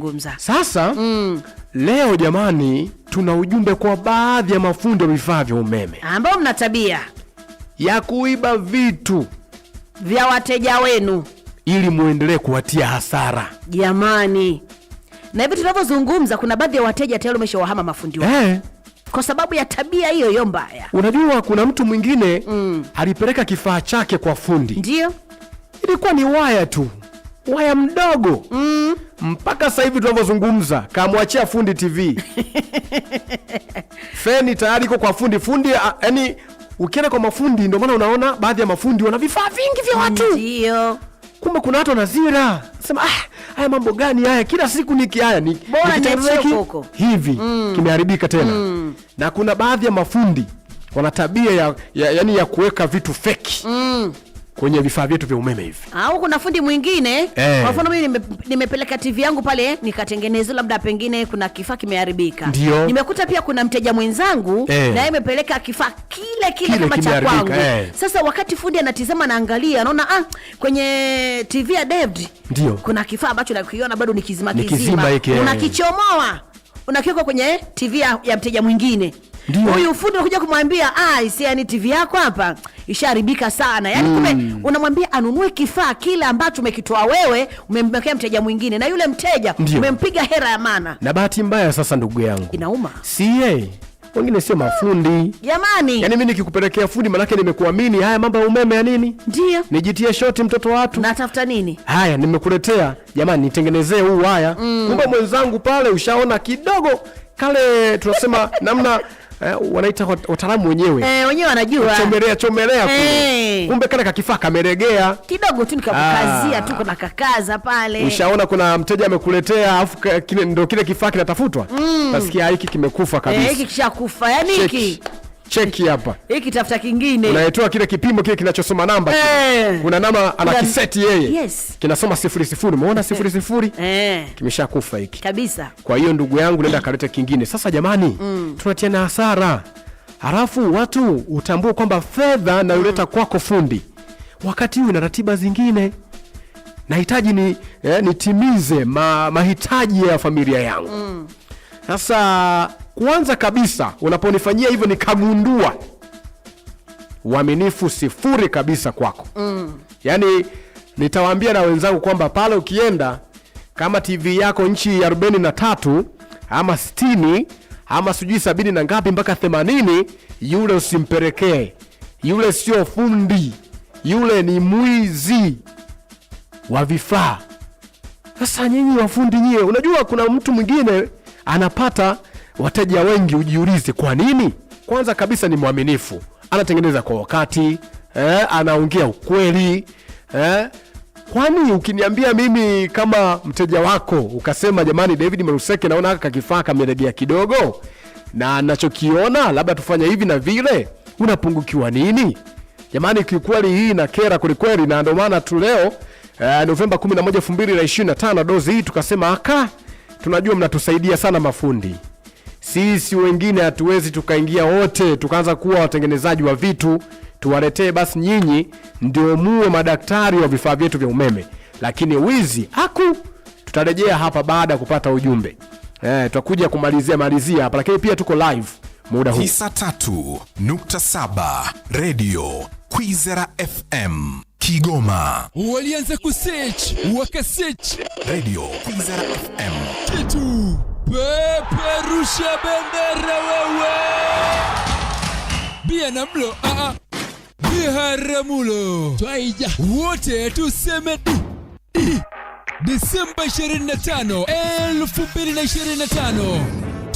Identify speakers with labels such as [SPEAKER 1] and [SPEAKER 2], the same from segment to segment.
[SPEAKER 1] Ngumza. Sasa mm. Leo jamani, tuna ujumbe kwa baadhi ya mafundi wa vifaa vya umeme
[SPEAKER 2] ambao mna tabia
[SPEAKER 1] ya kuiba vitu
[SPEAKER 2] vya wateja wenu
[SPEAKER 1] ili muendelee kuwatia hasara
[SPEAKER 2] jamani. Na hivi tunavyozungumza, kuna baadhi ya wateja tayari wameshawahama mafundi wao eh, kwa sababu ya tabia hiyo hiyo mbaya.
[SPEAKER 1] Unajua, kuna mtu mwingine mm. alipeleka kifaa chake kwa fundi, ndio ilikuwa ni waya tu waya mdogo mm. Mpaka sasa hivi tunavyozungumza, kamwachia Fundi TV feni tayari iko kwa fundi fundi, yani ukienda kwa mafundi, ndio maana unaona baadhi ya mafundi wana vifaa vingi vya watu.
[SPEAKER 2] Ndio.
[SPEAKER 1] Kumbe kuna watu wanazira sema, ah, haya mambo gani haya, kila siku niki haya ni hivi mm. kimeharibika tena mm. na kuna baadhi ya mafundi wana tabia ya, ya, yani ya kuweka vitu feki mm kwenye vifaa vyetu vya umeme hivi.
[SPEAKER 2] Au kuna fundi mwingine hey. Eh. Kwa mfano mimi nime, nimepeleka TV yangu pale nikatengeneza, labda pengine kuna kifaa kimeharibika. Ndio. Nimekuta pia kuna mteja mwenzangu hey. Eh. Na yeye amepeleka kifaa kile kile kama cha kwangu hey. Eh. Sasa wakati fundi anatizama na angalia, anaona ah, kwenye TV ya David ndio kuna kifaa ambacho nakiona bado ni kizima kizima, unakichomoa unakiweka kwenye TV ya, ya mteja mwingine. Huyu fundi anakuja kumwambia ah, isiani TV yako hapa ishaharibika sana. yani mm. unamwambia anunue kifaa kile ambacho umekitoa wewe, umemwekea mteja mwingine na yule mteja umempiga hera ya mana
[SPEAKER 1] Na bahati mbaya sasa, ndugu yangu, inauma si yeye wengine sio mafundi
[SPEAKER 2] jamani.
[SPEAKER 1] Yani mi nikikupelekea fundi, manake nimekuamini. Haya mambo ya umeme ya nini, ndio nijitie shoti, mtoto watu,
[SPEAKER 2] natafuta nini?
[SPEAKER 1] Haya nimekuletea jamani, nitengenezee huu. Haya mm. kumbe mm. mwenzangu pale, ushaona kidogo kale tunasema namna Eh, wanaita wataalamu wenyewe
[SPEAKER 2] eh, wenyewe wanajua
[SPEAKER 1] chomelea chomelea hey. Eh. Kumbe kana kakifaa kameregea
[SPEAKER 2] kidogo tu nikakukazia ah. tu kuna kakaza pale,
[SPEAKER 1] ushaona kuna mteja amekuletea, afu ndio kile kifaa kinatafutwa mm. Nasikia hiki kimekufa eh, kabisa eh,
[SPEAKER 2] kishakufa yani hiki
[SPEAKER 1] Cheki hapa.
[SPEAKER 2] hii kitafuta kingine.
[SPEAKER 1] Unaitoa kile kipimo kile kinachosoma namba. Eh. Kuna ana anakiseti yeye. Yes. Kinasoma 00. Umeona 00? Eh. Kimeshakufa hiki. Kabisa. Kwa hiyo ndugu yangu nenda kaleta kingine. Sasa jamani, mm. tunatia na hasara. Halafu watu utambue kwamba fedha nayoleta mm. kwako fundi. Wakati huu ina ratiba zingine. Nahitaji ni eh, nitimize ma, mahitaji ya familia yangu. Mm. Sasa mm. Kwanza kabisa unaponifanyia hivyo nikagundua uaminifu sifuri kabisa kwako. Mm. Yaani nitawaambia na wenzangu kwamba pale ukienda kama TV yako nchi ya 43 na tatu ama sitini ama sijui sabini na ngapi mpaka themanini, yule usimpelekee. Yule sio fundi, yule ni mwizi wa vifaa. Sasa nyinyi wafundi nyie, unajua kuna mtu mwingine anapata wateja wengi ujiulize kwa nini. Kwanza kabisa ni mwaminifu, anatengeneza kwa wakati eh, anaongea ukweli eh. Kwani ukiniambia mimi kama mteja wako ukasema, jamani, David Maruseke, naona aka kakifaa kamelegea kidogo na nachokiona labda tufanya hivi na vile, unapungukiwa nini? Jamani, kiukweli hii na kera kwelikweli, na ndio maana tu leo eh, Novemba 11, 2025 dozi hii tukasema aka tunajua mnatusaidia sana mafundi sisi wengine hatuwezi tukaingia wote tukaanza kuwa watengenezaji wa vitu tuwaletee, basi nyinyi ndio muwe madaktari wa vifaa vyetu vya umeme. Lakini wizi aku tutarejea hapa baada ya kupata ujumbe eh, tutakuja kumalizia malizia hapa, lakini pia tuko live muda huu
[SPEAKER 3] 93.7 Radio Kwizera FM Kigoma.
[SPEAKER 4] Walianza kusearch wakasearch Radio Kwizera FM kitu Peperusha bendera wewe, Biharamulo ah, ah. a a, Biharamulo twaija wote tuseme di di, 25, 2025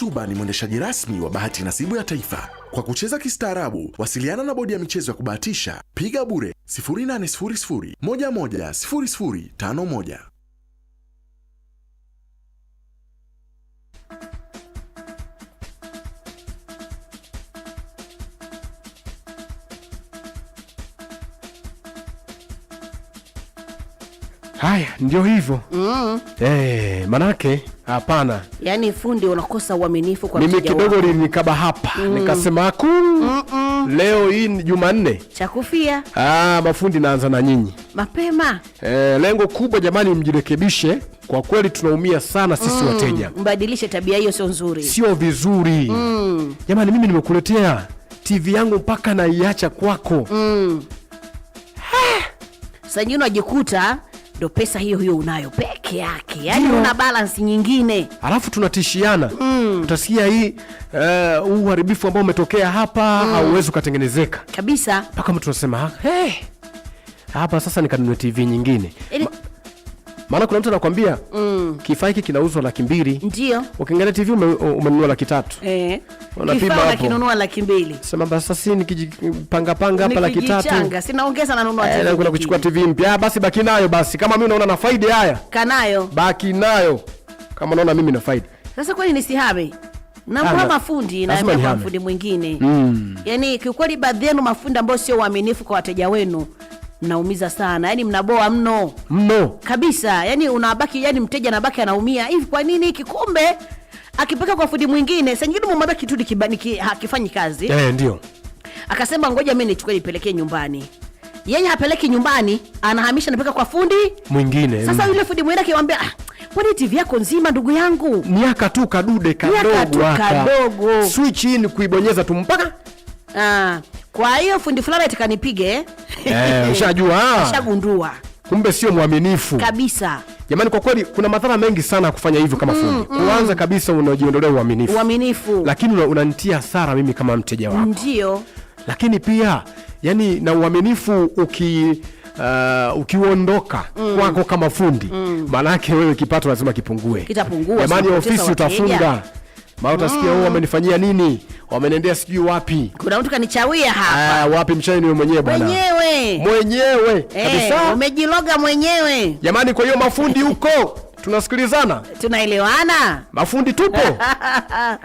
[SPEAKER 3] Tuba ni mwendeshaji rasmi wa bahati nasibu ya taifa. Kwa kucheza kistaarabu, wasiliana na bodi ya michezo ya kubahatisha, piga bure 0800 11 0051.
[SPEAKER 1] Haya, ndio hivyo mm. Eh, manake hapana,
[SPEAKER 2] yaani fundi, unakosa uaminifu kwa Mimi
[SPEAKER 1] kidogo linikaba hapa mm. nikasema aku mm -mm. leo hii ni Jumanne
[SPEAKER 2] chakufia.
[SPEAKER 1] Ah, mafundi, naanza na nyinyi
[SPEAKER 2] mapema
[SPEAKER 1] eh, lengo kubwa jamani, mjirekebishe kwa kweli tunaumia sana sisi mm, wateja.
[SPEAKER 2] Mbadilishe tabia hiyo, sio nzuri,
[SPEAKER 1] sio vizuri
[SPEAKER 2] mm.
[SPEAKER 1] Jamani, mimi nimekuletea TV yangu mpaka naiacha kwako
[SPEAKER 2] mm. Sajini unajikuta ndo pesa hiyo hiyo unayo peke yake, yani una balance nyingine,
[SPEAKER 1] alafu tunatishiana mm. Utasikia hii uh, uharibifu ambao umetokea hapa mm. hauwezi ukatengenezeka kabisa, mpaka mtu anasema ah, hey, hapa sasa nikanunua TV nyingine. Yaani maana kuna mtu anakuambia mm. kifaa hiki kinauzwa laki mbili, ndio ukiangalia TV umenunua laki tatu
[SPEAKER 2] eh. Kifaa laki mbili,
[SPEAKER 1] sema basi sasa nikijipanga panga hapa laki tatu nikijichanga,
[SPEAKER 2] sina ongeza eh, na nunua
[SPEAKER 1] TV, kuna kuchukua TV mpya, ah, basi baki nayo basi, kama mimi unaona na faida haya kanayo, baki nayo kama unaona mimi na faida
[SPEAKER 2] sasa, kwani nisihame na mafundi na mafundi mwingine mm. Yani kiukweli, baadhi yenu mafundi ambao sio waaminifu kwa wateja wenu mnaumiza sana, yani mnaboa mno mno kabisa, yani unabaki, yani mteja anabaki anaumia hivi. Kwa nini hiki? Kumbe akipeka kwa fundi mwingine, saa nyingine umemwambia kitu hakifanyi kazi eh, ndio akasema ngoja mimi nichukue nipelekee nyumbani yeye hapeleki nyumbani, anahamisha napeka kwa fundi mwingine. Sasa yule fundi mwingine akimwambia ah, kwani TV yako nzima ndugu yangu,
[SPEAKER 1] miaka tu kadude kadogo kadogo, switch in kuibonyeza tu mpaka
[SPEAKER 2] Ah, kwa hiyo fundi fulani atakanipige
[SPEAKER 1] eh, ushajua ushagundua, kumbe sio mwaminifu
[SPEAKER 2] kabisa.
[SPEAKER 1] Jamani, kwa kweli kuna madhara mengi sana ya kufanya hivyo kama mm, fundi. Mm. Kwanza kabisa unajiondolea uaminifu,
[SPEAKER 2] uaminifu,
[SPEAKER 1] lakini unanitia hasara mimi kama mteja wako, ndio. Lakini pia yani, na uaminifu uki Uh, ukiondoka mm. kwako kama fundi mm. wewe kipato lazima kipungue. Kitapungua. Jamani, ofisi utafunga, maana utasikia oh, mm. wao nini wamenendea sijui wapi,
[SPEAKER 2] kuna mtu kanichawia hapa. Aa,
[SPEAKER 1] ah, wapi mchawi? Niwe mwenyewe bwana,
[SPEAKER 2] mwenyewe
[SPEAKER 1] mwenyewe eh, kabisa,
[SPEAKER 2] umejiloga mwenyewe
[SPEAKER 1] jamani. Kwa hiyo mafundi huko tunasikilizana,
[SPEAKER 2] tunaelewana,
[SPEAKER 1] mafundi tupo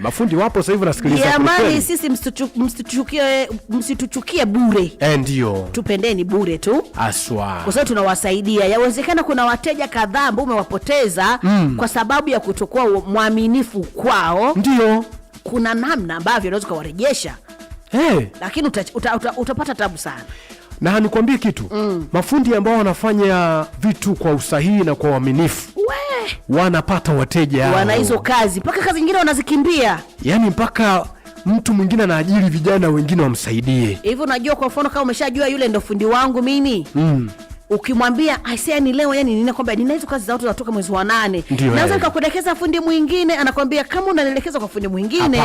[SPEAKER 1] mafundi wapo sasa hivi, nasikiliza
[SPEAKER 2] jamani. Sisi msituchukie, msituchukie bure,
[SPEAKER 1] eh, ndio
[SPEAKER 2] tupendeni bure tu
[SPEAKER 1] aswa,
[SPEAKER 2] kwa sababu tunawasaidia. Yawezekana kuna wateja kadhaa ambao umewapoteza mm, kwa sababu ya kutokuwa mwaminifu kwao, ndio kuna namna ambavyo unaweza ukawarejesha hey. Lakini uta, uta, uta, utapata tabu sana
[SPEAKER 1] na nikuambie kitu mm. Mafundi ambao wanafanya vitu kwa usahihi na kwa uaminifu wanapata wateja,
[SPEAKER 2] wana hizo kazi mpaka kazi nyingine wanazikimbia,
[SPEAKER 1] yani mpaka mtu mwingine anaajiri vijana wengine wamsaidie
[SPEAKER 2] hivyo. Unajua, kwa mfano kama umeshajua yule ndo fundi wangu mimi mm ukimwambia aisee, ni leo yani nina kwamba nina hizo kazi za watu zatoka mwezi wa nane, naweza eh. nikakuelekeza fundi mwingine. Anakwambia kama unanielekeza kwa fundi mwingine,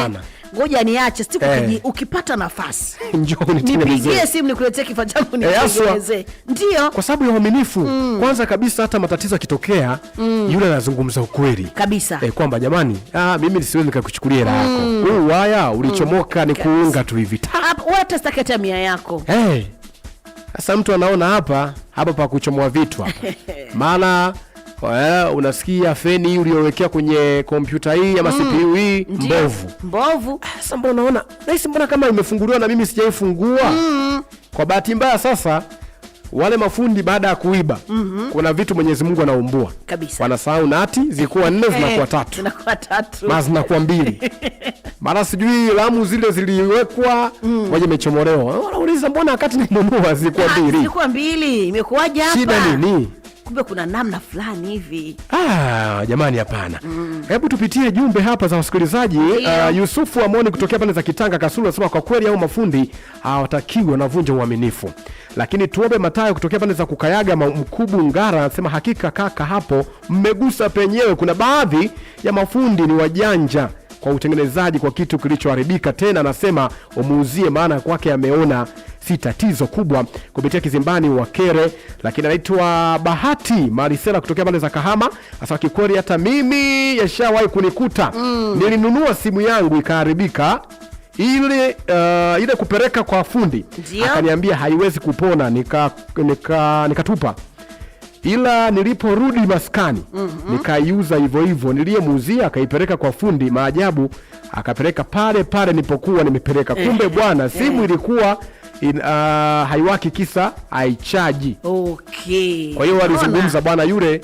[SPEAKER 2] ngoja niache siku eh. Ukipata nafasi nipigie simu nikuletee kifaa changu eh, nitengenezee.
[SPEAKER 1] Ndio, kwa sababu ya uaminifu mm. Kwanza kabisa hata matatizo yakitokea mm. yule anazungumza ukweli kabisa eh, kwamba jamani, ah, mimi siwezi nikakuchukulia hela yako mm. huu waya mm. ulichomoka mm. ni kuunga tu hivi,
[SPEAKER 2] hata sitaki hata mia yako
[SPEAKER 1] hey. Eh. Sasa mtu anaona hapa hapa pa kuchomoa vitu hapa, maana eh, unasikia feni hii uliyowekea kwenye kompyuta hii ama mm. CPU hii mbovu
[SPEAKER 2] mbovu. Ah,
[SPEAKER 1] sasa mbona unaona nahisi, mbona kama imefunguliwa na mimi sijaifungua mm. Kwa bahati mbaya sasa wale mafundi baada ya kuiba mm -hmm. kuna vitu Mwenyezi Mungu anaumbua wanasahau nati zilikuwa nne eh, zinakuwa tatu,
[SPEAKER 2] zinakuwa tatu
[SPEAKER 1] na zinakuwa mbili mara sijui lamu zile ziliwekwa mm. waje mechomolewa, wanauliza mbona wakati nilinunua zilikuwa ah, mbili, zilikuwa
[SPEAKER 2] mbili, Shida nini? kumbe kuna namna fulani hivi.
[SPEAKER 1] Ah, jamani hapana. Mm. Hebu tupitie jumbe hapa za wasikilizaji. Yeah. Uh, Yusufu Amoni kutokea pale za Kitanga Kasulu anasema kwa kweli au mafundi hawatakiwi wanavunja uaminifu. Lakini tuombe Matayo kutokea pale za Kukayaga Mkubu Ngara anasema hakika kaka, hapo mmegusa penyewe, kuna baadhi ya mafundi ni wajanja kwa utengenezaji kwa kitu kilichoharibika. Tena anasema umuuzie, maana kwake ameona si tatizo kubwa kupitia kizimbani Wakere, lakini anaitwa Bahati Marisela kutokea pale za Kahama. Sasa kikweli hata mimi yashawahi kunikuta mm. Nilinunua simu yangu ikaharibika ile uh, ile kupeleka kwa fundi akaniambia haiwezi kupona, nikatupa nika, nika ila niliporudi maskani mm -hmm. nikaiuza hivyo hivyo, niliyemuuzia akaipeleka kwa fundi maajabu, akapeleka pale pale nipokuwa nimepeleka. Eh. Kumbe bwana simu eh. ilikuwa in, uh, haiwaki kisa haichaji.
[SPEAKER 2] Okay.
[SPEAKER 1] Kwa hiyo walizungumza bwana yule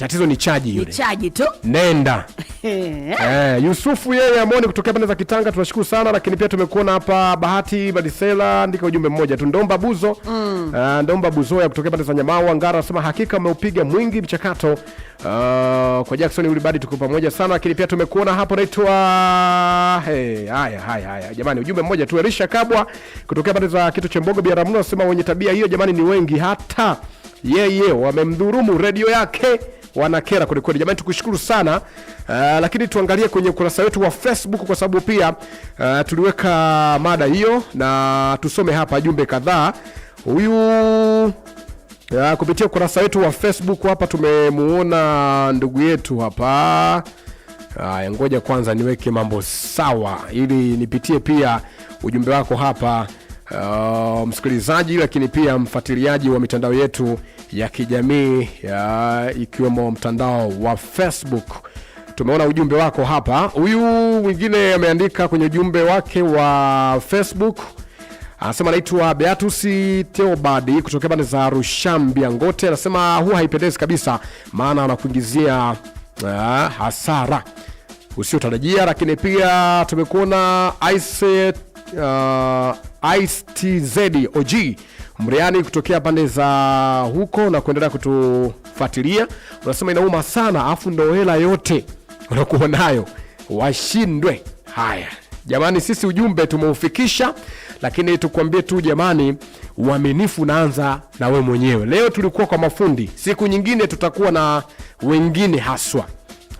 [SPEAKER 1] Tatizo ni chaji yule. Ni chaji tu. Nenda. Eh. eh, Yusufu yeye amoni kutokea pande za Kitanga tunashukuru sana lakini pia tumekuona hapa Bahati Badisela andika ujumbe mmoja tu Ndomba Buzo. Mm. Uh, Ndomba Buzo ya kutokea pande za Nyamawa Ngara anasema hakika umeupiga mwingi mchakato. Uh, kwa Jackson yule badi tuko pamoja sana lakini pia tumekuona hapo naitwa hey, haya haya haya. Jamani ujumbe mmoja tu Elisha Kabwa kutokea pande za Kito Chembogo Biaramuno anasema wenye tabia hiyo jamani ni wengi hata yeye yeah, yeah, wamemdhurumu redio yake wanakera kwelikweli. Jamani, tukushukuru sana uh, lakini tuangalie kwenye ukurasa wetu wa Facebook kwa sababu pia uh, tuliweka mada hiyo, na tusome hapa jumbe kadhaa. Huyu uh, kupitia ukurasa wetu wa Facebook hapa tumemuona ndugu yetu hapa aya ngoja kwanza niweke mambo sawa ili nipitie pia ujumbe wako hapa uh, msikilizaji, lakini pia mfuatiliaji wa mitandao yetu ya kijamii uh, ikiwemo mtandao wa Facebook. Tumeona ujumbe wako hapa. Huyu mwingine ameandika kwenye ujumbe wake wa Facebook, anasema anaitwa Beatus teobadi kutokea bande za Rushambia Ngote. Anasema huwa haipendezi kabisa, maana anakuingizia uh, hasara usiotarajia. Lakini pia tumekuona Ice uh, ictzog Mriani kutokea pande za huko na kuendelea kutufuatilia. Unasema inauma sana, afu ndo hela yote unakuwa nayo washindwe. Haya jamani, sisi ujumbe tumeufikisha, lakini tukwambie tu jamani, uaminifu unaanza na we mwenyewe. Leo tulikuwa kwa mafundi, siku nyingine tutakuwa na wengine haswa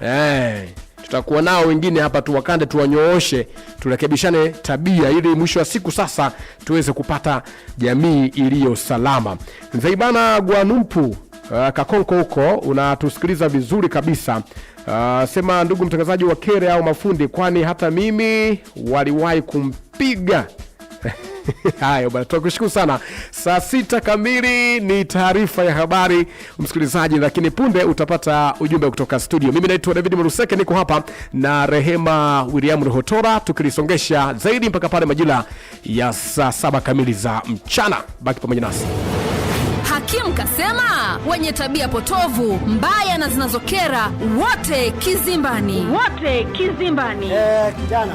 [SPEAKER 1] hey. Eh tutakuwa nao wengine hapa, tuwakande, tuwanyooshe, turekebishane tabia, ili mwisho wa siku sasa tuweze kupata jamii iliyo salama. zaibana gwanumpu uh, Kakonko huko unatusikiliza vizuri kabisa. Uh, sema ndugu mtangazaji wa kere au mafundi, kwani hata mimi waliwahi kumpiga Haya bwana, tunakushukuru sana. Saa sita kamili ni taarifa ya habari, msikilizaji, lakini punde utapata ujumbe kutoka studio. Mimi naitwa David Maruseke, niko hapa na Rehema William rohotora tukilisongesha zaidi mpaka pale majira ya saa saba kamili za mchana. Baki pamoja nasi. Hakimu kasema wenye tabia potovu mbaya na zinazokera wote kizimbani, wote kizimbani. Eh, kijana